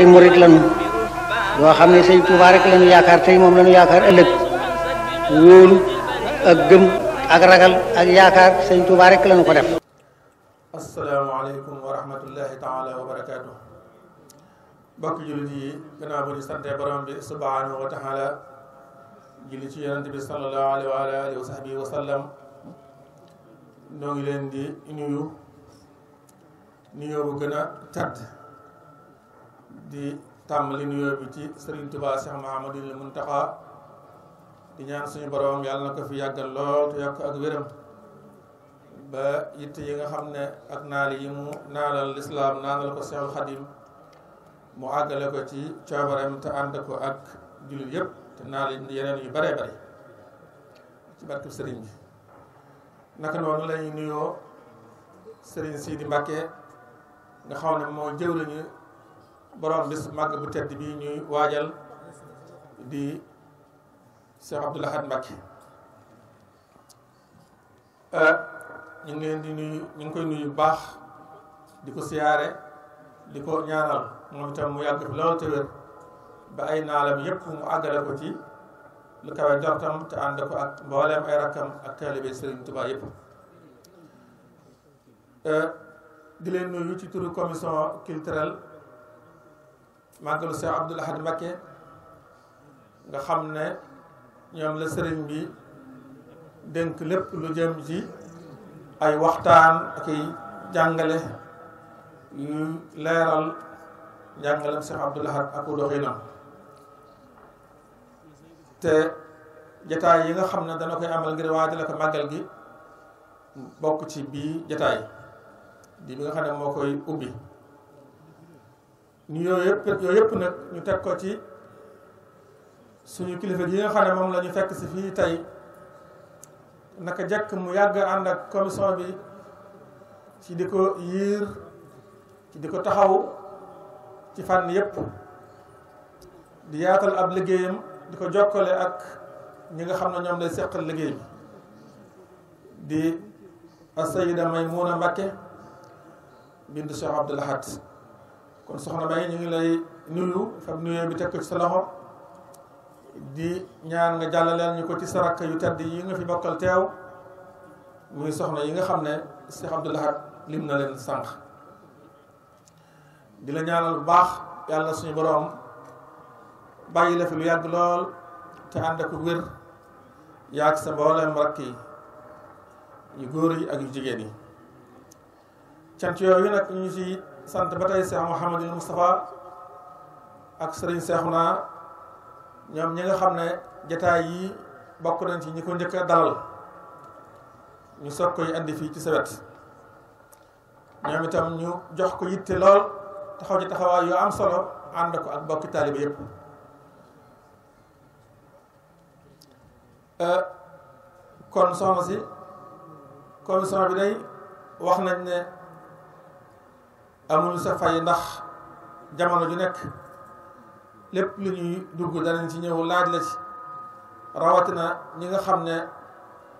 ay murit lañu yoo xam ne sëñ Tuubaa rek lañu yaakaar tey moom lañu yaakaar ëllëg wóolu ak gëm ak ragal ak yaakaar sëñ Tuubaa rek lañu ko def asalaamaaleykum wa rahmatullahi taala wa barakaatu bokk jullit yi gannaaw bu ñu sante borom bi subhanahu wa taala julli ci yonent bi sallallahu alayhi wa alihi wa sahbihi wa sallam ñoo ngi leen di nuyu nuyoo bu gën a tedd di tàmbali nuyoo bi ci Serigne Touba Cheikh Mahamadul Muntaxa di suñu borom yàlla na ko fi yàggal lool te yokk ak wéram yi nga xam ne ak naal yi mu naalal lislaam naanal ko ko ci coobaram te ànd ak jullit yëpp te naal yeneen yu bare ci barkeb Serigne bi naka lañuy nuyoo Serigne Sidi Mbacke nga xam ne moo jëw lañu borom bis màgg bu tedd bi ñuy waajal di Cheikh Abdoul Ahad Mbacké euh, ñu ngi leen di nuyu ñu ngi koy nuyu bu baax di ko siyaare di ko ñaanal moom itam mu yàgg fi lool te ba ay naalam yépp mu àggale ko ci lu kawe jortam te ànd ko ak mbooleem ay rakkam ak taalibe Serigne Touba yépp euh, di leen nuyu ci turu commission culturelle màggalu Cheikh Abdoul Ahad nga xam ne ñoom la sëriñ bi dénk lépp lu jëm ci ay waxtaan ak ay jàngale yu leeral njàngalem Cheikh Abdoul Ahad ak doxinam te jataay yi nga xam ne dana koy amal ngir waajal ko màggal gi bokk ci bii jataay di bi nga xam ne moo koy ubbi ñu yooyu yëpp yooyu yëpp nag ñu teg ko ci suñu kilifa yi nga xam ne moom la fekk si fii tey naka jekk mu yàgg ànd ak commission bi ci di ko yiir ci di ko taxaw ci fànn yëpp di yaatal ab liggéeyam di ko jokkale ak ñi nga xam ne ñoom lay seqal liggéey bi di asayida Maymuna Mbakke bintu Cheikh Abdoul Ahad kon soxna May ñu ngi lay nuyu fab nuyoo bi teg ko ci sa loxo di ñaar nga jàllaleel ñu ko ci sarak yu tedd yi nga fi bokkal teew muy soxna yi nga xam ne Cheikh Abdou Lahad lim na leen sànq di ñaanal bu baax yàlla suñu boroom bàyyi la fi lu yàgg lool te ànd ak wér yaag sa mboolem rakk yi yu góor yi ak yu jigéen yi cant yooyu nag ñu ci sant ba tey Cheikh Mouhamadul Moustapha ak Serigne Cheikhouna ñoom ñi nga xam ne jataay yi bokk nañ ci ñi ko njëkk a dalal ñu soog koy andi fii ci sawet ñoom itam ñu jox ko yitte lool taxaw ñu taxawaay yu am solo ànd ko ak bokki taaliba yépp euh, kon soxna si commission bi day wax nañ ne amul sa fay ndax jamono ju nekk lépp lu ñuy dugg danañ ci ñëw laaj la ci rawatina ñi nga xam ne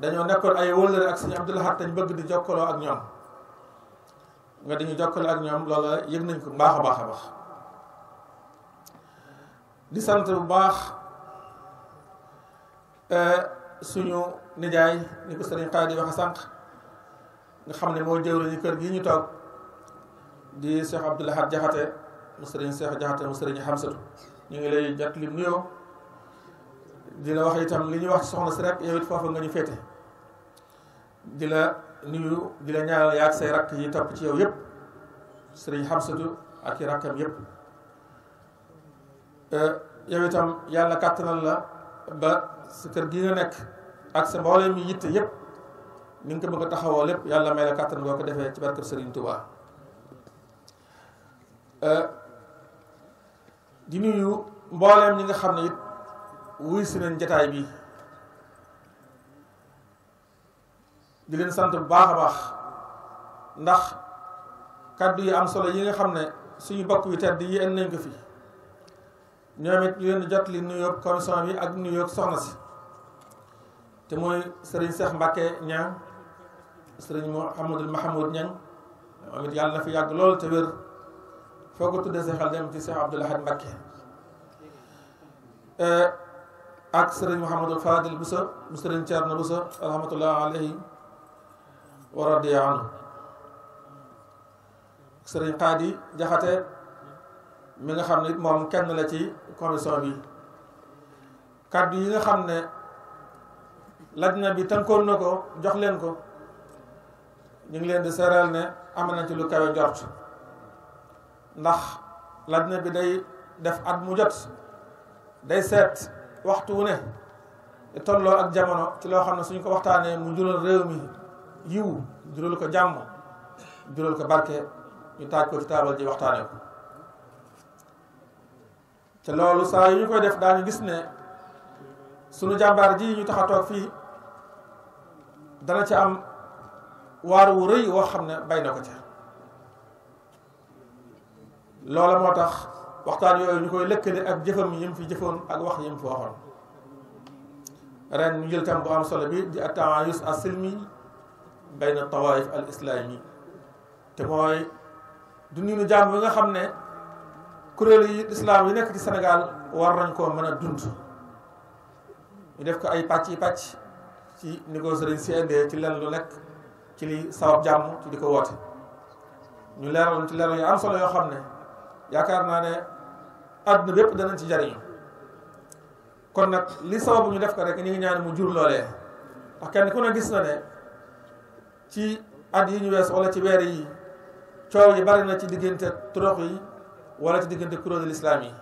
dañoo nekkoon ay wëllëre ak sëñ Abdou Lahad bëgg di jokkaloo ak ñoom nga dañu jokkale ak ñoom loola yëg nañ ko baax a baax a baax di sant bu baax e, suñu nijaay ni ko sëriñ Xaadi waxe sànq nga xam ne moo jëwriñu kër gi ñu toog di Cheikh Abdou Lahad Jaxate mu sëriñ Cheikh Jaxate mu sëriñ Xamsatu ñu ngi lay jot lim nuyoo di la wax itam li ñu wax soxna si rek yow it foofa nga ñu féete di la nuyu di la ñaanal say rakk yi topp ci yow yëpp sëriñ Xamsatu ak i rakkam yëpp euh, yow itam yàlla kàttanal la ba sa kër gi nga nekk ak sa mboolem yi yitte yëpp ni nga ko bëgg a taxawoo lépp yàlla may la kàttan boo ko defee ci barkeb Sëriñ Tuubaa Euh, di nuyu mbooleem ñi nga xam ne it wuy si nañ jataay bi di leen sant bu baax a baax ndax kaddu yi am solo yi nga xam ne suñu bokk yu tedd yi en nañ ko fi ñoom it leen jot li nuyoo commission bi ak nuyoo soxna si te mooy sëriñ Cheikh Mbacke Niang sëriñ Mouhamadul Mahamoud Niang moom it yàlla na fi yàgg lool te wér foo ko tuddee sa xel dem ci Cheikh Abdoul Ahad Mbacké eh, ak sëriñ Mouhamadou Fadil Boussa mu sëriñ Thierno Boussa rahmatullah alayhi wa radiya anhu sëriñ Xaadi Jaxate mi nga xam ne moom kenn la ci commission bi kàddu yi nga xam ne lajna bi tënkoon na ko jox leen ko ñu ngi leen di seeral ne am nañ ci lu kawe njort ndax lajna bi day def at mu jot day seet waxtu wu ne tolloo ak jamono ci loo xam ne suñ ko waxtaanee mu jural réew mi yiw jural ko jàmm jural ko barke ñu taaj ko ci taabal ji waxtaane ko te loolu saa yu ñu koy def daañu gis ne sunu jàmbaar ji ñu tax fii dana ci am waar wu rëy woo xam ne bay na ko ca loola moo tax waxtaan yooyu ñu koy lëkkale ak jëfam yim fi jëfoon ak wax yim fi waxoon ren ñu jël tam bu am solo bi di at taayus as silmi bayna tawaif al islami te mooy du ñu jàmm bi nga xam ne kuréel yi islam yi nekk ci senegal war nañ koo mën a dund ñu def ko ay pàcc yi pàcc ci négocier dañ si indee ci lenn lu nekk ci li sabab jàmm ci di ko woote ñu leeral ci leeral yu am solo yoo xam ne yaakaar naa ne àdduna bépp danañ ci jariñ kon nag li sababu ñu def ko rek ñu ngi ñaan mu jur loolee ndax kenn ku ne gis na ne ci at yi ñu wees wala ci weer yi coow yi bari na ci diggante turox yi wala ci diggante kuréelu lislaam yi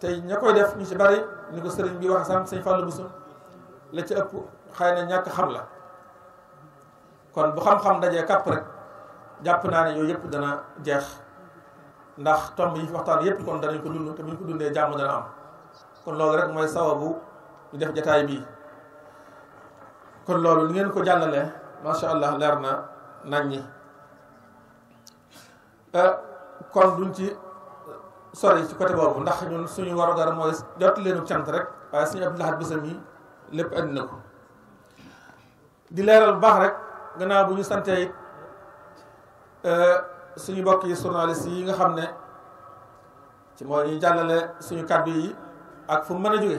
tey ña koy def ñu ci bari ni ko sëriñ bi wax sànq sëñ Fallou Bousso la ci ëpp xëy na ñàkk xam la kon bu xam-xam dajee kàpp rek jàpp naa ne yooyu yëpp dana jeex ndax tomb yi fi waxtaan yépp kon danañ ko dund te bu ñu ko dundee jàmm dana am kon loolu rek mooy sawabu ñu def jataay bii kon loolu li ngeen ko jàllale macha allah leer na nañ ñi euh, kon duñ ci sori ci côté boobu ndax ñun suñu waru gara mooy jot leenu cant rek waaye suñu Abdou Lahad bisam yi lépp andi ko di leeral bu baax rek gannaaw bu ñu santee it euh, suñu mbokk yi journaliste yi nga xam ne ci moo ñu jàllale suñu kàddu yi ak fu mu mën a jóge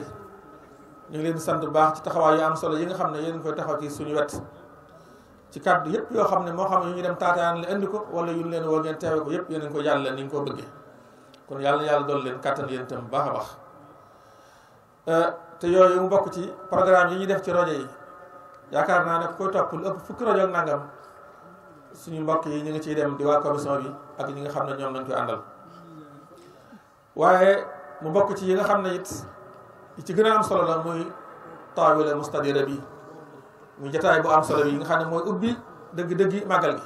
ñu ngi leen sant bu baax ci taxawaay yu am solo yi nga xam ne yéen koy taxaw ci suñu wet ci kàddu yëpp yoo xam ne moo xam ne ñu ngi dem taataan la indi ko wala yu ñu leen woo ngeen teewe ko yëpp yéen a ngi ko jàllale ni nga ko bëggee kon yàlla na yàlla dool leen kàttan yéen itam bu baax a baax euh, te yooyu mu bokk ci programme yi ñu def ci rojo yi yaakaar naa ne koy topp lu ëpp fukki rajo ak suñu mbokk yi ñu ngi ciy dem di waa commission bi ak ñi nga xam ne ñoom lañ koy àndal waaye mu bokk ci yi nga xam ne it yi ci gën a am solo la muy taawila mustadira bi mu jataay bu am solo yi nga xam ne mooy ubbi dëgg-dëggi màggal gi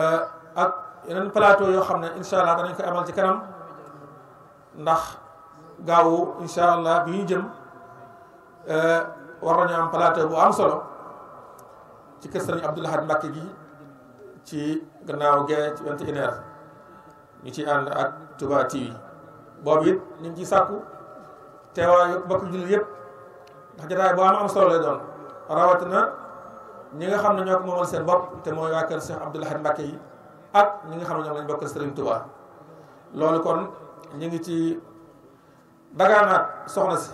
eh, ak yeneen plateau yoo xam ne incha allah danañ koy amal ci kanam ndax gaawu incha allah bi ñu jëm eh, war nañu am plateau bu am solo. ci kër sëriñ Abdou Lahad Mbacke gi ci gannaaw gee ci vingt et une ñu ci ànd ak Touba TV boobu it ñu ngi ci sàkku teewaayu bokk jullit yëpp ndax jotaay boo am solo lay doon rawatina ñi nga xam ne ñoo ko moomal seen bopp te mooy waa kër Cheikh Abdou Lahad Mbacke yi ak ñi nga xam ne ñoom lañ bokkal Serigne Touba loolu kon ñu ngi ci dagaanaat soxna si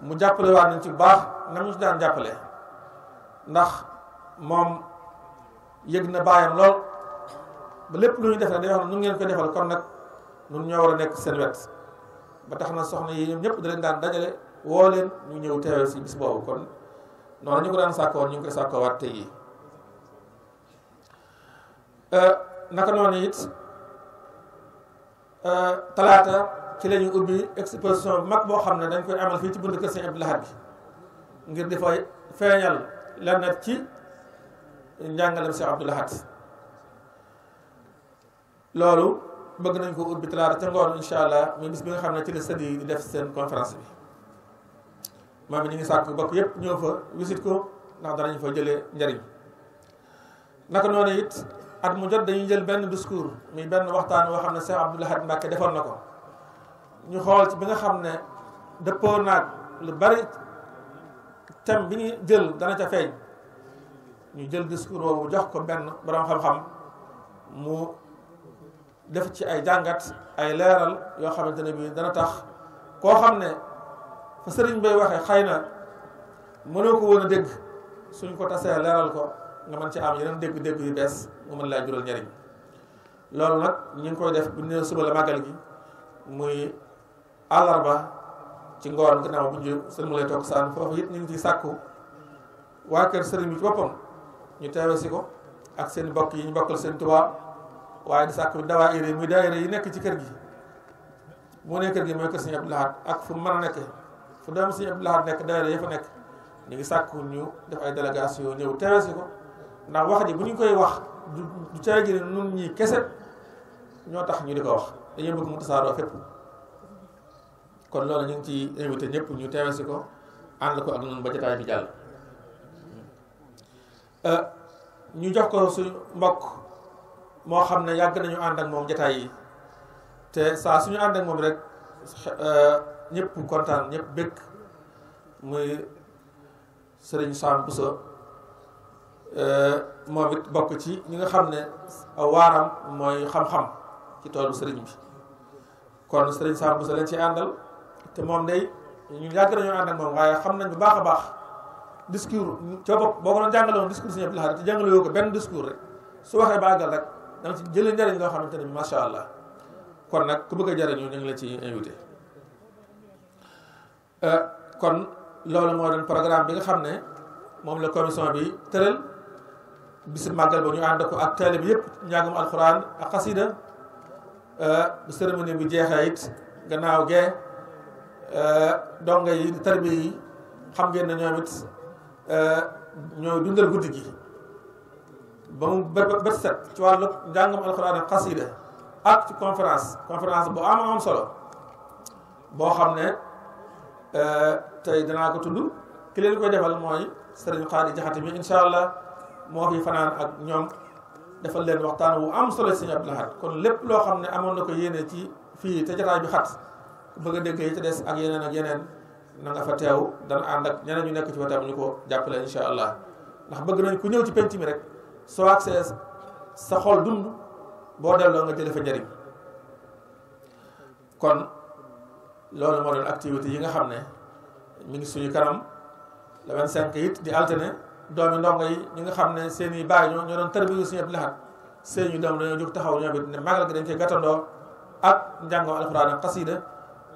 mu jàppale waat nañ ci bu baax nam ñu ci daan jàppale ndax moom yëg na bàyyam lool ba lépp lu ñu def nag dañoo xam ne nun ngeen koy defal kon nag nun ñoo war a nekk seen wet ba tax na soxna yi ñëpp da leen daan dajale woo leen ñu ñëw teewal si bis boobu kon noonu ñu ko daan sàkkoo ñu ngi koy sàkkoo war tey yi eh, naka noonu it eh, talaata ci la ubbi exposition bu mag boo xam ne dañ koy amal fii ci bunt kër Sëñ Abdou Lahad bi ngir di fay feeñal lenn ci njàngalem Cheikh Abdou Lahad loolu bëgg nañ ko ubbi talaata ca ngoon incha allah muy bis bi nga xam ne ci la sëriñ yi di def seen conférence bi moom it ñu ngi sàkk bokk yépp ñoo fa visite ko ndax danañ fa jëlee njariñ naka noonu it at mu jot dañuy jël benn discours muy benn waxtaan woo xam ne Cheikh Abdou Lahad Mbacké defoon na ko ñu xool ci bi nga xam ne dëppoo naag lu bari thème bi ñu jël dana ca feeñ ñu jël discours bu jox ko benn borom xam-xam mu def ci ay jàngat ay leeral yoo xamante ne bii dana tax koo xam ne fa sëriñ bay waxee xay na mënoo ko woon a dégg suñ ko tasee leeral ko nga mën ci am yeneen dégg-dégg yu bees mu mën laa jural njariñ loolu nag ñu ngi koy def bu ñu suba la màggal gi muy àllarba ci ngoon gannaaw bu ñu sëriñ mu lay toog saan foofu it ñu ngi ciy sàkku waa kër sëriñ bi ci boppam ñu teewe si ko ak seen bokk yi ñu bokkal seen Tuubaa waaye di sàkk dawaayira yi muy daayira yi nekk ci kër gi mu ne kër gi mooy kër Sëñ ak fu mën a nekk fu doom Sëñ Abdou nekk daayira yi fa nekk ñu ngi sàkku ñu def ay délégation ñëw teewe si ko ndax wax ji bu ñu koy wax du caa gi nun ñii kese ñoo tax ñu di ko wax dañuy bëgg mu tasaaroo fépp kon loolu ñu ngi ci invité ñëpp ñu teewe si ko ànd ko ak noonu ba jotaay bi jàll Euh, ñu jox ko suñu mbokk moo xam ne yàgg nañu ànd ak moom jataay yi te saa suñu ànd ak moom rek euh, ñëpp kontaan ñëpp bëgg muy sëriñ Sam Bousso euh, moom it bokk ci ñi nga xam ne waaram mooy xam-xam ci toolu sëriñ bi kon sëriñ Sam Bousso lañ ci àndal te moom day ñu yàgg nañu ànd ak moom waaye xam nañ bu baax a baax discours ca bopp boo ko doon jàngale woon discours Sëriñ Abdul Ahad rek su waxee bàggal rek da nga ci jëlee njëriñ loo xamante ne macha allah kon nag ku bëgg a jëriñu la ci invité. Euh, kon loolu moo bi nga xam moom la commission bi tëral bisu màggal ba ñu ànd ko ak taalib yëpp njàngum alxuraan ak xasida euh, bu cérémonie bi jeexee it gannaaw gee euh, donga yi tarbiya yi xam ngeen ñoom it. ñooy dundal guddi gi ba mu bët bët set ci wàllu njàngam alxuraan ak xasida ak ci conférence conférence bu am am solo boo xam ne eh, tey danaa ko tudd ki leen koy defal mooy sëriñ Xaadi Jaxate mi incha allah moo fi fanaan ak ñoom defal leen waxtaan wu am solo sëriñ Abdul Ahad kon lépp loo xam ne amoon na ko yéene ci fii te jataay bi xat bëgg a dégg yi ci des ak yeneen ak yeneen na nga fa teew dana ànd ak ñeneen ñu nekk ci wetam ñu ko jàppale insha allah ndax bëgg nañ ku ñëw ci penc mi rek soo accès sa xol dund boo delloo nga jële fa njëriñ kon loolu moo doon activité yi nga xam ne mi ngi suñu kanam le 25 it di alterné doomi ndongo yi ñi nga xam ne seen i baay ñoo ñoo doon tërbiyu suñu Abdou Lahad seen doom dañoo jóg taxaw ñoom it ne magal gi dañ koy gàttandoo ak njàngoo alxuraan ak xasiida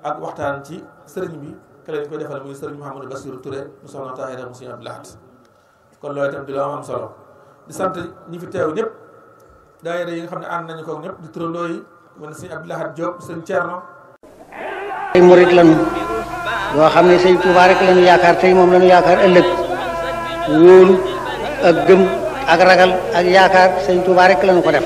ak waxtaan ci sëriñ bi ka lañ ko defal muy sëriñ Mouhamadou Bassirou Touré mu soxna Tahira mu sëriñ Abdou Lahad kon loolu itam solo di sant ñi fi teew ñëpp daayira yi nga xam ne ànd nañu ko ñëpp di turandoo yi si sëriñ Abdou Lahad Diop sëriñ Thierno ay murit lañu yoo xam ne sëñ Touba rek lañu yaakaar tey moom lañu yaakaar ëllëg wóolu ak gëm ak ragal ak yaakaar sëñ Touba rek lañu ko def